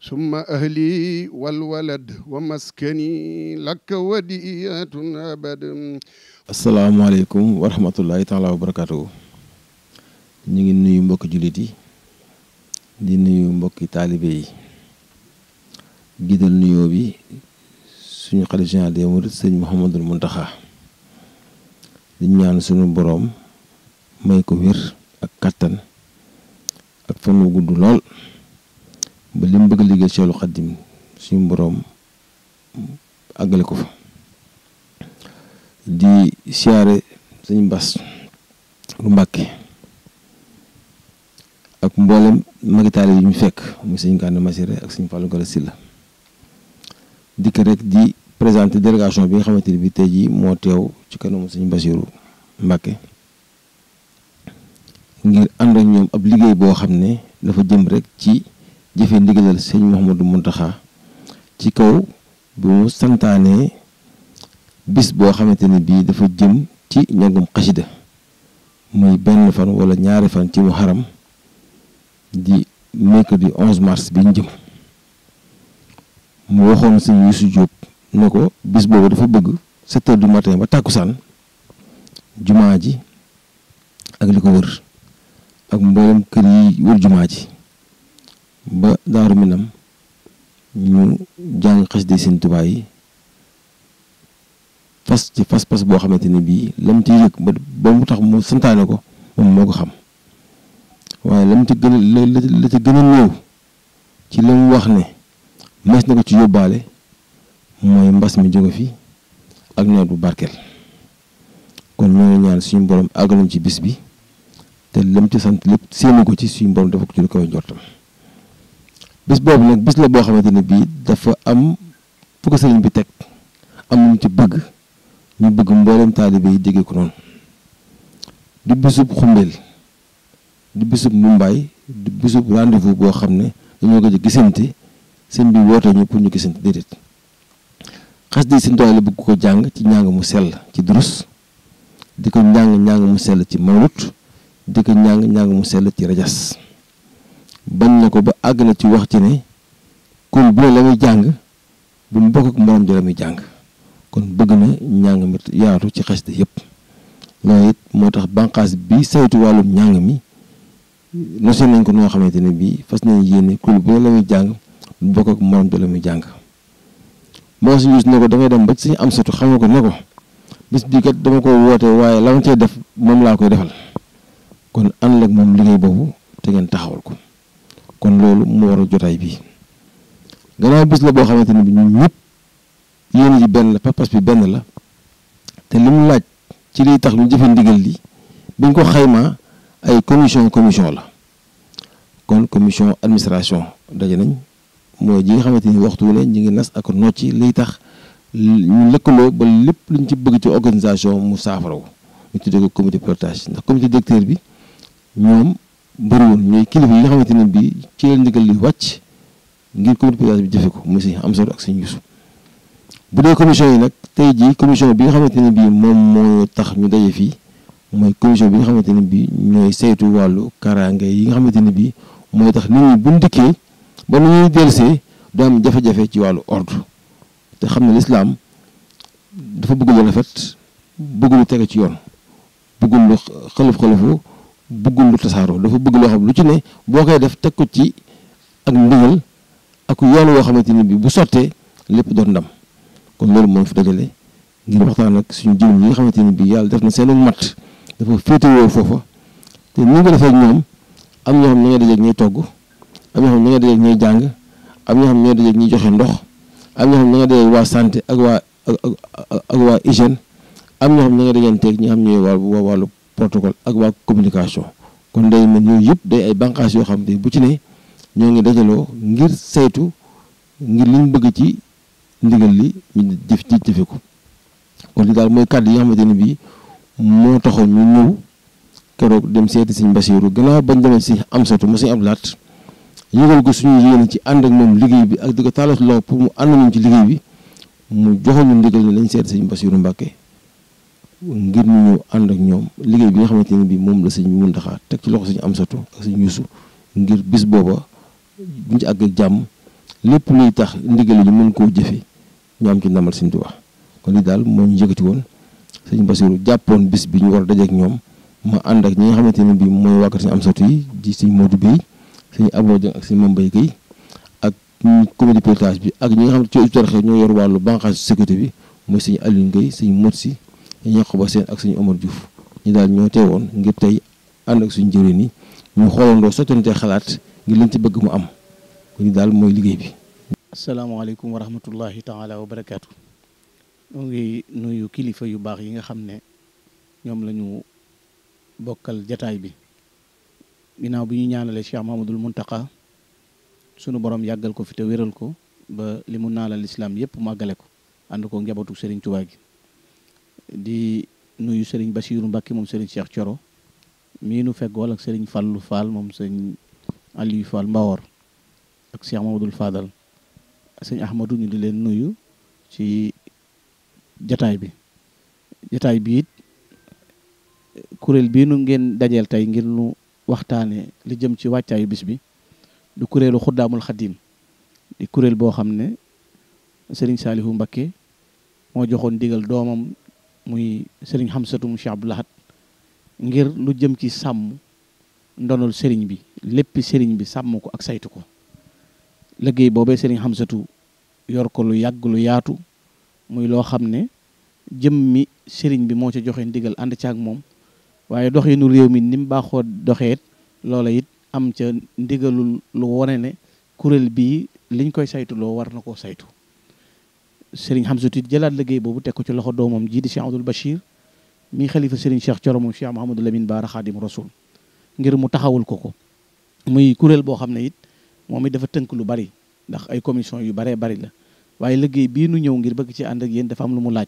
summa ahli walwalad wa maskani lakka wadiyatun abad asalaamaaleykum wa rahmatullahi taala wa barakatuhu ñu ngi nuyu mbokki jullit yi di nuyu mbokki taalibe yi gidal nuyoo bi suñu xalif général des mourides sëñ Mouhamadul Muntaxa di ñaan suñu boroom may ko wér ak kattan ak fan wu gudd lool ba li mu bëgg liggéey Seexul Xaddim suñu boroom àggale ko fa di siyaare sëñ Mbas lu Mbàkke ak mboolem magitaale yi ñu fekk muy sëñ Kande Masire ak sëñ Fallou Gala Silla dikk rek di présente délégation bi nga xamante ni bi tey jii moo teew ci kanamu sëñ Basiru Mbàkke ngir ànd ak ñoom ab liggéey boo xam ne dafa jëm rek ci jëfe ndigalal sëñ Mouhamadou Mountakha ci kaw bu mu santaanee bis boo xamante ne bii dafa jëm ci ñàngum xasida muy benn fan wala ñaari fan ci xaram di mercredi 11 mars bi ñu jëm mu waxoon sëñ Youssou Diop ne ko bis boobu dafa bëgg 7 heures du matin ba tàkkusaan jumaa ji ak li ko wër ak mboolem kër yi wër jumaa ji ba daaru minam ñu jàng xasida seen Tuubaa yi fas ci fas fas boo xamante ni bii lam ci yëg ba mu tax mu santaane ko moom moo ko xam waaye lam ci gën a la ci gën néew ci la mu wax ne mas na ko ci yóbbaale mooy mbas mi jóge fi ak nawet bu barkeel kon ñoo ñaan suñu borom àggaluñ ci bis bi te lam ci sant lépp séenu ko ci suñu borom dafa ko ci lu kaw njortam bis boobu nag bis la boo xamante ne bii dafa am fu sëriñ bi teg am ci bëgg ñu bëgg mboolem taalibe yi jege ko noonu du bisub xumbeel du bisub mumbaay du bisub rendez boo xam ne dañoo ko gisante sëñ bi woote ñu pour ñu gisante déedéet xas di sëñ Tuubaa la bëgg ko jàng ci njàng mu sell ci durus di ko njàng njàng mu sell ci mawlut di ko njàng njàng mu sell ci rajas bañ na ko ba àgg na ci wax ci ne kon bu la muy jàng bu mu bokk ak moroom ji muy jàng kon bëgg na njàng mi yaatu ci xasida yépp loolu moo tax banqaas bi saytu wàllum njàng mi nosee nañ ko noo xamante ne bii fas nañ yéene kuréel bu ne la muy jàng bu bokk ak moroom ji muy jàng moo si yuus ne ko dangay dem ba si am satu xame ko ne ko bis bii kat dama ko woote waaye la cee def moom laa koy defal kon ànd ak moom liggéey boobu te ngeen taxawal ko kon loolu mu war a jotaay bi gannaaw bis la boo xamante ni bi ñun ñëpp yéen ji benn la pas-pas bi benn la te li mu laaj ci liy tax ñu jëfe ndigal li bi ñu ko xaymaa ay commission commission la kon commission administration daje nañ mooy ji nga xamante ni waxtu wu ne ñu ngi nas ak nocc liy tax ñu lëkkaloo ba lépp luñ ci bëgg ci organisation mu saafaraw ñu tuddee ko comité pilotage ndax comité directeur bi ñoom bëriwoon ñooy kilifa yi nga xamante ne bii ci leen ndigal li wàcc ngir comité bi jëfe ko muy sëñ Amsatou ak sëñ Youssou bu dee commission yi nag tey jii commission bi nga xamante ne bii moom moo tax ñu daje fii mooy commission bi nga xamante ne bii ñooy saytu wàllu karaange yi nga xamante ne bii mooy tax nit ñi buñ dikkee ba nu ñuy dellusee du am jafe-jafe ci wàllu ordre te xam ne lislaam dafa bëgg lu rafet bëgg lu tege ci yoon bëgg lu xalaf xalafu bëggul lu tasaaroo dafa bëgg loo xam lu ci ne boo koy def teg ko ci ak ndigal ak yoon woo xamante ni bi bu sottee lépp doon ndam kon loolu moom fi dajale ngir waxtaan ak suñu jëmm yi nga xamante ni bi yàlla def na seenu mat dafa féetewoo foofa te ni nga defee ak am ñoo xam ne ñoo dajeeg ñooy togg am ñoo xam ne ñoo dajeeg ñooy jàng am ñoo xam ñoo dajeeg ñuy joxe ndox am ñoo xam ne ñoo dajeeg waa santé ak waa ak waa hygiène am ñoo xam ne ñoo dajanteeg ñi xam ñooy protocole ak waa communication kon day mel yooyu yëpp day ay bànqaas yoo xam ne bu ci ne ñoo ngi dajaloo ngir saytu ngir liñ bëgg ci ndigal li ñu jëf ci jëfe ko kon li daal mooy kàddu yi nga xamante ne bii moo taxoon ñu ñëw keroog dem seeti sëñ Basiiru gannaaw bañ demee si am satu mu sëñ Abdu Laat yëgal ko suñu yéene ci ànd ak moom liggéey bi ak di ko taalas loo pour mu ànd ñu ci liggéey bi mu joxoon ñu ndigal ne lañ seeti sëñ Basiiru Mbàkke ngir ñu ànd ak ñoom liggéey bi nga xamante ne bi moom la sëñ bi mun daxaa teg ci loxo suñu am satu ak suñu yuusu ngir bis booba buñ ci àgg jàmm lépp luy tax ndigal ñu mën koo jëfe ñu am ci ndamal sëñ Tuubaa kon li daal moo ñu yëkkati woon sëñ Basiru jàppoon bis bi ñu war a dajeek ñoom ma ànd ak ñi nga xamante ne bi mooy wàkkat suñu am satu yi di suñ Modou Bey suñu Aboo Jeng ak suñu Mambay Gey ak comité pilotage bi ak ñi nga xam ne ci utarxe ñoo yor wàllu banqage sécurité bi mooy suñu Aliou Ngey ñu Yaquba Sène ak suñu Omar Diouf ñu daal ñoo teewoon ngir tey ànd ak suñu jëwriñ yi ñu xoolandoo sottante xalaat ngir liñ ci bëgg mu am ñu daal mooy liggéey bi. asalaamaaleykum wa rahmatullahi taala wa barakaatu. mu ngi nuyu kilifa yu baax yi nga xam ne ñoom lañu bokkal jataay bi. ginnaaw bi ñu ñaanalee Cheikh Mahamadul Muntaqa sunu borom yàggal ko fi te wéral ko ba li mu naalal islam yépp mu àggale ko ànd ko njabootu Serigne Touba gi. di nuyu sëriñ Bassirou mbakki moom Serigne Cheikh Thioro mii nu feggool ak Serigne Fallou Fall moom sëñ Aliou Fall Mbawor ak Cheikh Mamadou Fadal sëñ Ahmadou ñu di leen nuyu ci jataay bi jataay biit it kuréel bii nu ngeen dajeel tey ngir nu waxtaane li jëm ci wàccaayu bis bi du kuréelu xuddaamul xadim di kuréel boo xam ne Serigne Saliou Mbacké moo joxoon digal doomam muy sëriñ Xamsatu mu Cheikh Abdou ngir lu jëm ci sàmm ndonol sëriñ bi lépp sëriñ bi sàmm ko ak saytu ko liggéey boobee sëriñ Xamsatu yor ko lu yàgg lu yaatu muy loo xam ne jëmmi sëriñ bi moo ca joxe ndigal ànd ca ak moom waaye doxinu réew mi ni baaxoo doxeet loola it am ca ndigalul lu wone ne kuréel bii liñ koy saytuloo war na koo saytu Serigne xam Tuuti jëlaat liggéey boobu teg ko ci loxo doomam jii di Cheikh Abdoul Bachir mi xalifa Serigne Cheikh Thioro moom Cheikh Mouhamadou Lamine Bara Khadim Rasoul ngir mu taxawul ko ko muy kuréel boo xam ne it moom it dafa tënk lu bari ndax ay commission yu baree bari la waaye liggéey bii nu ñëw ngir bëgg ci ànd ak yéen dafa am lu mu laaj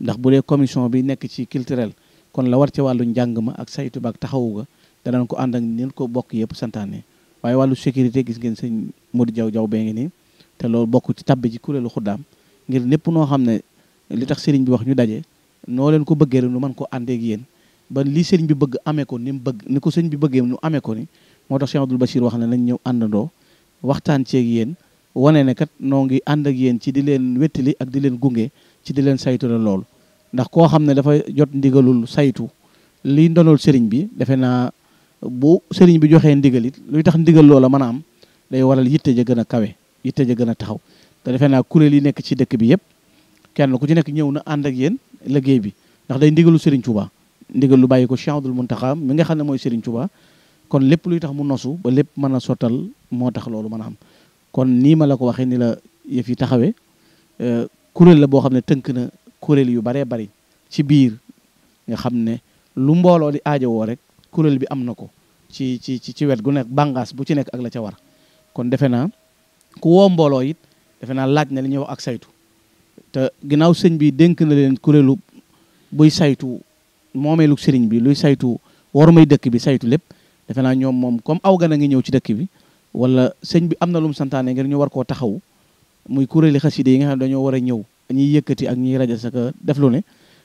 ndax bu dee commission bi nekk ci culturel kon la war ci wàllu njàng ma ak saytu ba ak taxawu ko ànd ak nin ko bokk yëpp santaane waaye wàllu sécurité gis ngeen sëñ Modou Diaw Diaw bee ngi nii te loolu bokk ci tabbi ci kuréelu xuddaam ngir lépp noo xam ne li tax sëriñ bi wax ñu daje noo leen ko bëggee rek nu mën ko àndee ak yéen ba li sëriñ bi bëgg amee ko ni mu bëgg ni ko sëriñ bi bëggee nu amee moo tax Cheikh Abdoul Bachir wax ne nañ ñëw àndandoo waxtaan ceeg yéen wane ne kat noo ngi ànd ak yéen ci di leen wettali ak di leen gunge ci di leen saytu la loolu ndax koo xam ne dafa jot ndigalul saytu liy ndonol sëriñ bi defe naa bu sëriñ bi joxee ndigalit luy tax ndigal loola mën a am day waral yitte ja gën a kawe yitte ja gën a taxaw te defe naa kuréel yi nekk ci dëkk bi yëpp kenn ku ci nekk ñëw na ànd ak yéen liggéey bi ndax day ndigalu Serigne Touba ndigal lu bàyyi ko Cheikh Abdoul Mountakha mi nga xam ne mooy Serigne Touba kon lépp luy tax mu nosu ba lépp mën a sottal moo tax loolu mën a am kon nii ma la ko waxee ni la yëf yi taxawee euh, kuréel la boo xam ne tënk na kuréel yu baree bari ci biir nga xam ne lu mbooloo di woo rek kuréel bi am na ko ci ci ci wet gu nekk bàngaas bu ci nekk ak la ca war kon defe naa ku mbooloo it defe naa laaj na li ñuy wax ak saytu te ginnaaw sëñ bi dénk na leen kuréelu buy saytu moomeelu sëriñ bi luy saytu waru may dëkk bi saytu lépp defe naa ñoom moom comme aw gan a ngi ñëw ci dëkk bi wala sëñ bi am na lu mu santaanee ngir ñu war koo taxaw muy kuréeli xaside yi nga xam ne dañoo war a ñëw ñuy yëkkati ak ñuy rajo saka def lu ne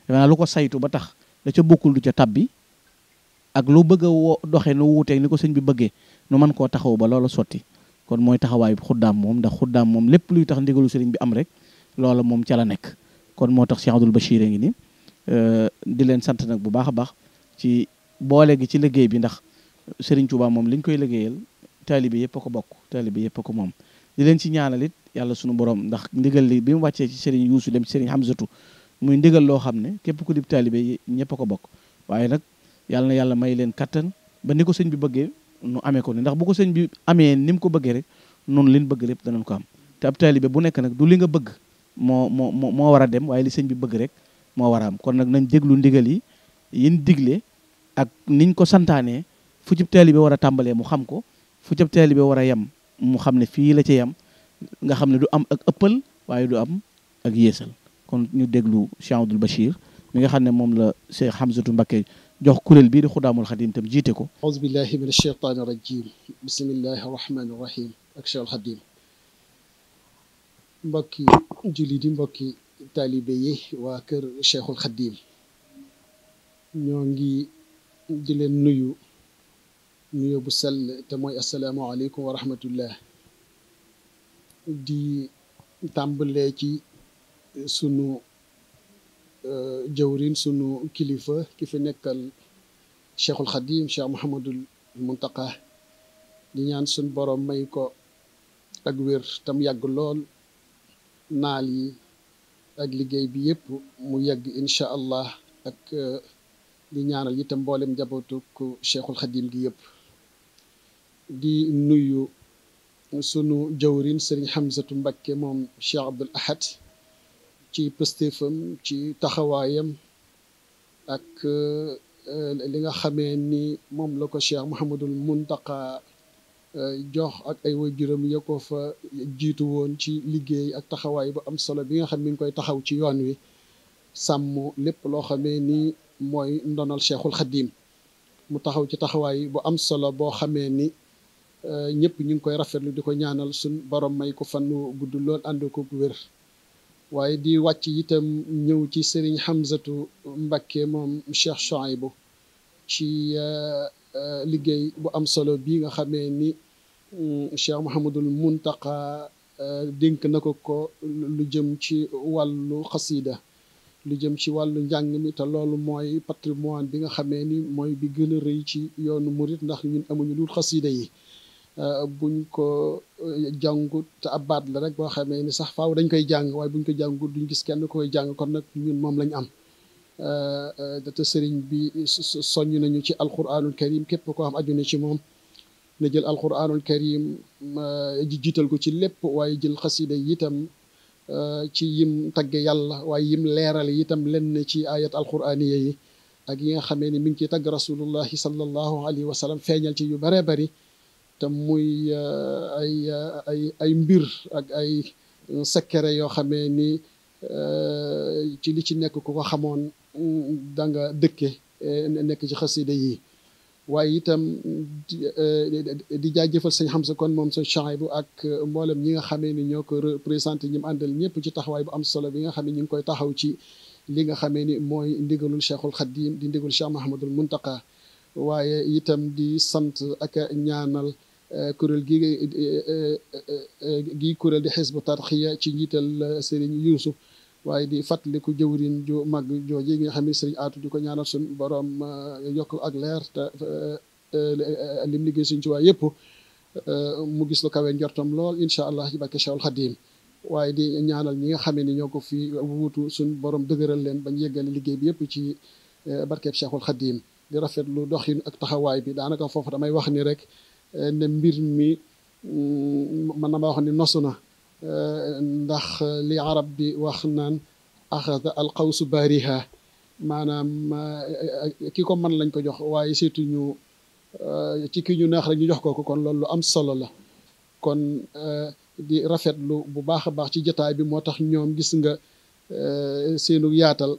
defe naa lu ko saytu ba tax la ca bokkul du ca tabbi ak lu bëgg a doxee nu wuuteeg ni ko sëñ bi bëggee nu mën koo taxaw ba loola sotti kon mooy taxawaayu xuddaam moom ndax xuddaam moom lépp luy tax ndigalu sëriñ bi am rek loola moom ca la nekk kon moo tax Cheikh ba siire a ngi ni euh, di leen sant nag bu baax a baax ci boole gi ci liggéey bi ndax sëriñ Touba moom liñ koy liggéeyal taalibe yëpp ko bokk taalibe yëpp ko moom di leen ci ñaanal it yàlla sunu borom ndax ndigal li bi mu wàccee ci sëriñ Yuusu dem ci sëriñ Hamzatu muy ndigal loo xam ne képp ku dib taalibe ñëpp a ko bokk waaye nag yàlla na yàlla may leen kattan ba ni ko sëñ bi bëggee nu amee ko ni ndax bu ko sëñ bi amee ni mu ko bëggee rek noonu liñ bëgg lépp danañ ko am te ab taalibe bu nekk nag du li nga bëgg moo moo moo war a dem waaye li sëñ bi bëgg rek moo war a am kon nag nañ déglu ndigal yi yin digle ak niñ ko santaanee fu cib taalibe war a tàmbalee mu xam ko fu cib taalibe war a yem mu xam ne fii la ca yem nga xam ne du am ak ëppal waaye du am ak yéesal kon ñu déglu Cheikh Abdoul Bachir mi nga xam ne moom la Cheikh Hamzatou Mbacké jox kuréel bii di xudaamul xadim tam jiite ko aouzu billahi min alcheytaani rajim bismillahi rahmaani rahim ak Cheikh Xadim mbokki julli di mbokki taalibe yi waa kër Cheikhul Xadim ñoo ngi di leen nuyu nuyu bu sell te mooy asalaamualeykum wa rahmatullah di tàmbalee ci sunu Euh, jëwrin sunu kilifa ki fi nekkal cheikhul xadim cheikh Mouhamadul Muntaka di ñaan suñ borom may ko ak wér tam yàgg lool naal yi ak liggéey bi yëpp mu yegg incha allah ak euh, di ñaanal itam mboolem njabootu ku cheikhul xadim gi yëpp di nuyu sunu jëwrin sëriñ Hamzatu Mbakke moom cheikh Abdul Ahad ci pëstéefam ci taxawaayam ak euh, li nga xamee ni moom la ko Cheikh mun Muntaqa euh, jox ak ay waajuram ya ko fa jiitu woon ci liggéey ak taxawaay bu am solo bi nga xam mi ngi koy taxaw ci yoon wi sàmm lépp loo xamee ni mooy ndonal Cheikhul Xadim mu taxaw ci taxawaay bu am solo boo xamee ni euh, ñëpp ñu ngi koy rafetlu di ko ñaanal suñ borom may ko fan gudd lool ànd ko wér waaye di wàcc itam ñëw ci sëriñ Hamzatu Mbakke moom Cheikh Chouaïbou ci euh, euh, liggéey bu am solo bii nga xamee ni mm, Cheikh Mouhamadul Muntaqa euh, dénk na ko ko lu jëm ci wàllu xasida lu jëm ci wàllu njàng mi te loolu mooy patrimoine bi nga xamee ni mooy bi gën a rëy ci yoonu murit ndax ñun amuñu lu xasida yi Euh, buñ ko euh, jàngut te ab baat la rek boo xamee ni sax faaw dañ koy jàng waaye buñ ko jàngut duñ gis kenn koy jàng kon nag ñun moom lañ am euh, te sëriñ bi soññ nañu ci alquranul karim képp koo xam aju na ci moom na jël alquranul karim ji jiital ko ci lépp waaye jël xasida yi itam ci yim tagge yàlla waaye yim leerale itam lenn ci ayat alquraniya yi ak yi nga xamee ni mi ngi ciy tagg rasulullahi sallallahu alayhi wa sallam feeñal ci yu baree bari te muy eh, eh, ay ay mbir ak ay eh, secret yoo xamee ni ci li ci nekk ku ko xamoon mm, da nga dëkke nekk ci xasida yi waaye itam di sañ sëñ Hamza kon moom sëñ Chouaïbou ak mboolem ñi nga xamee ni ñoo ko représenté ñi mu àndal ñëpp ci taxawaay bu am solo bi nga xam ne ñu ngi koy taxaw ci li nga xamee ni mooy ndigalul Cheikhul Khadim di ndigalul Cheikh Mahamadul Muntaka waaye itam di sant ak ñaanal Euh, kuréel gi euh, euh, gi kuréel di bu tarxiya ci njiital sëriñ Yuusuf waaye di fàttaliku jëwriñ ju mag jooji nga xam ne sëriñ aatu di ko ñaanal suñ borom yokk ak leer te lim liggéey suñ ci waay yëpp mu gis lu kawe njortam lool incha allah ci barke Cheikhul Khadim waaye di ñaanal ñi nga xamee ni ñoo ko fi wuutu suñ borom dëgëral leen bañ yeggale liggéey bi yëpp ci barkeb Cheikhul Khadim di rafetlu doxin ak taxawaay bi daanaka foofu damay wax ni rek ne mbir mi mën mm, na ni nosu na ndax eh, li arab bi wax naan axada alqawsu bariha maanaam eh, ki ko mën lañ ko jox waaye surtout ñu eh, ci ki ñu neex rek ñu jox ko ko kon loolu lu am solo la kon di rafetlu bu baax a baax ci jataay bi moo tax ñoom gis nga seenu yaatal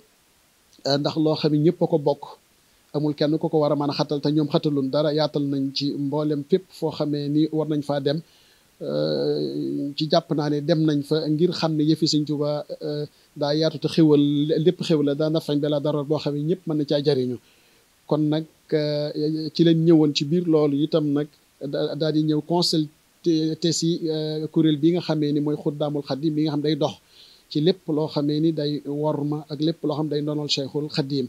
ndax loo xam ne ko bokk amul kenn ku ko war a mën a xatal te ñoom xatalun dara yaatal nañ ci mboolem fépp foo xamee ni war nañ faa dem euh, ci jàpp naa ne dem nañ fa ngir xam ne yëfi Sëñ Tuubaa euh, daa yaatu te xéwal lépp xéw la daa nafañ balaa dara boo xam ne ñëpp mën na caa jariñu kon nag euh, ci lañ ñëwoon ci biir loolu itam nag daal di ñëw consulté si kuréel bi nga xamee ni mooy Xuddaamul Xadiim bi nga xam day dox ci lépp loo xamee ni day ma ak lépp loo xam day ndonal Cheikhul Xadiim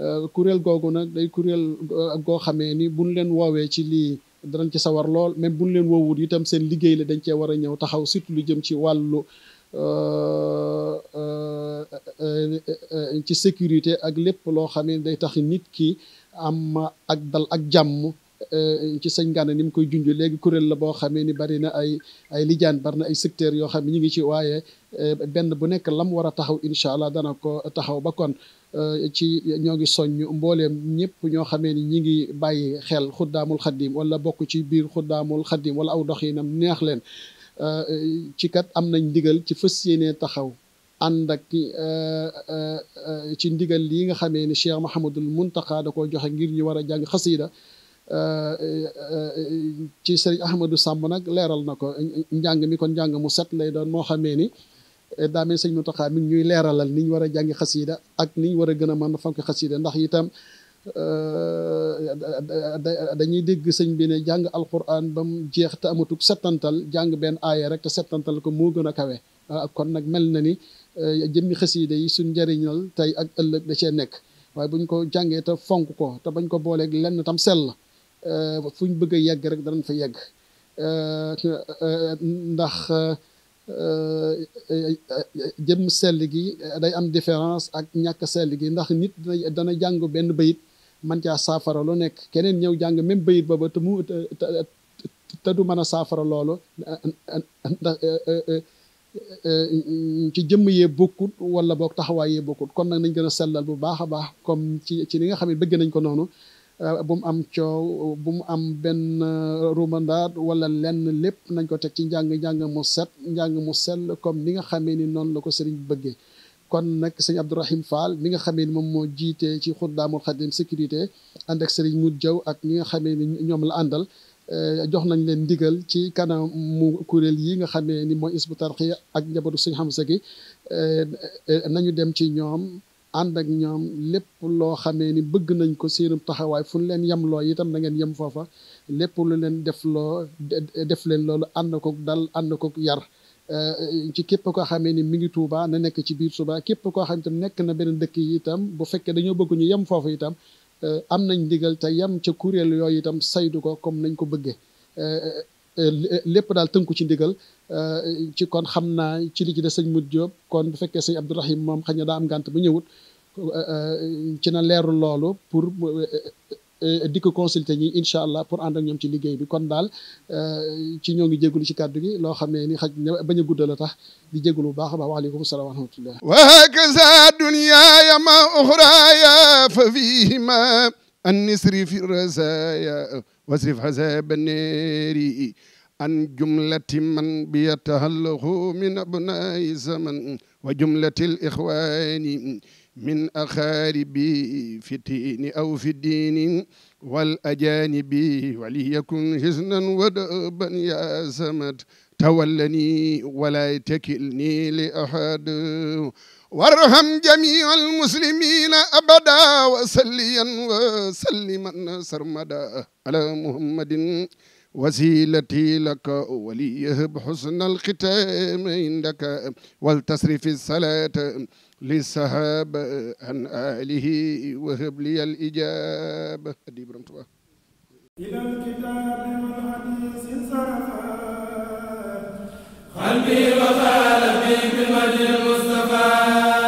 Euh, kuréel googu nag day kuréel euh, goo xamee ni buñ leen woowee ci lii danañ ci sawar lool même buñ leen woowut itam seen liggéey la dañ cee war a ñëw taxaw surtout lu jëm ci wàllu euh, ci sécurité ak lépp loo xamee day tax nit ki am ak dal ak jàmm ci sëñ Gana ni mu koy junj léegi kuréel la boo xamee ni bari na ay ay lijaan bari na ay secteurs yoo xam ne ñu ngi ci waaye benn bu nekk lam war a taxaw incha allah dana ko taxaw ba kon Euh, ci ñoo ngi soññ mbooleem ñëpp ñoo xamee ni ñi ngi bàyyi xel xuddaamul xaddim wala bokk ci biir xuddaamul xaddim wala aw doxinam neex leen euh, ci kat am nañ ndigal ci fas yéene taxaw ànd ak euh, ci ndigal lii nga xamee ni Cheikh Mahamadul Muntaqa da koo joxe ngir ñu war a jàng xasiida ci sëriñ Ahmadou sàmm nag leeral na ko njàng mi kon njàng mu set lay doon moo xamee ni daa mel sëñ Mountakha mi ngi ñuy leeralal ni ñu war a jàngi xasida ak ni ñu war a gën a mën a fonk xasida ndax itam euh, dañuy dégg sëñ bi ne jàng alquran ba mu jeex te amatuk settantal jàng benn aaya rek te settantal ko moo gën a kawe ah, kon nag mel na ni euh, jëmmi xasida yi suñ njëriñal tey ak ëllëg da cee nekk waaye buñ ko jàngee te fonk ko te bañ ko booleeg lenn tam sell euh, fuñ bëgg a yegg rek danañ fa yegg ndax Euh, euh, euh, jëmm sell gi day am différence ak ñàkk sell gi ndax nit dana dana jàng benn bayit man caa saafara lu nekk keneen ñëw jàng même bayit boobu te mu te du mën a saafara loolu ci jëm yee bokkut wala boog taxawaay yee bokkut kon nag nañ gën a sellal bu baax a baax comme ci ci li nga xam ne bëgg nañ ko noonu Euh, bu mu am coow bu mu am benn euh, rumandaat wala lenn lépp nañ ko teg ci njàng njàng mu set njàng mu sell comme ni nga xamee ni noonu la ko sëriñ bi bëggee kon nag sëñ Abdourahim Fall mi nga xamee ni moom moo jiitee ci xuddaamul xadim sécurité ànd ak sëriñ mut jaw ak ñi nga xamee ni ñoom la àndal euh, jox nañ leen ndigal ci kanamu kuréel yi nga xamee ni mooy isbu tarxiya ak njabootu sëñ Hamza gi nañu dem ci ñoom ànd ak ñoom lépp loo xamee ni bëgg nañ ko seenub taxawaay fu ñu leen yem loo itam na ngeen yem foofa lépp lu leen def loo def leen loolu ànd ko dal ànd ko yar eh, ci képp koo xamee ni mi ngi Touba na nekk ci biir Touba képp koo xam itam nekk na beneen dëkk yi itam bu fekkee dañu bëgg ñu yem foofu itam eh, am nañ ndigal te yem ca kuréel yooyu itam saydu ko comme nañ ko bëggee eh, Euh, lépp daal tënku ci ndigal euh, ci kon xam naa ci li ci des sëñ Modou Diop kon bu fekkee sëñ Abdourahim moom xëy na daa am gànt ba ñëwut euh, ci na leerul loolu pour dikk ko consulter ñi incha allah pour ànd ñoom ci liggéey bi kon daal ci ñoo ngi jégalu ci kàddu gi loo xam ne ni xaj bañ a guddal la tax di jégalu bu baax a baax waaleykum salaam wa rahmatullah wa hakaza dunyaaya ma uxraaya fa fihima an nisri fi rasaya wasrif xasaba neeri an jumlati man bi yatahallahu min abnaa'i zaman wa jumlati l ixwaani min axaaribi fi tiini aw fi diini wal ajaanibi waliyakun hisnan wa daban ya samad tawallani wala takilni li ahad warham jamia almuslimina abada wa salliyan wa salliman sarmada ala muhammadin وسيلتي لك وليهب حسن الختام عندك ولتصرف الصلاة للسحاب عن آله وهب لي الإجابة دي برم تبا إلى الكتاب والحديث صرفا قلبي وقالبي بالوجه المصطفى